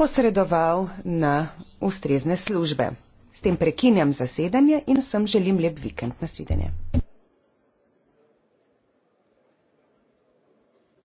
posredoval na ustrezne službe. S tem prekinjam zasedanje in vsem želim lep vikend. Nasvidenje.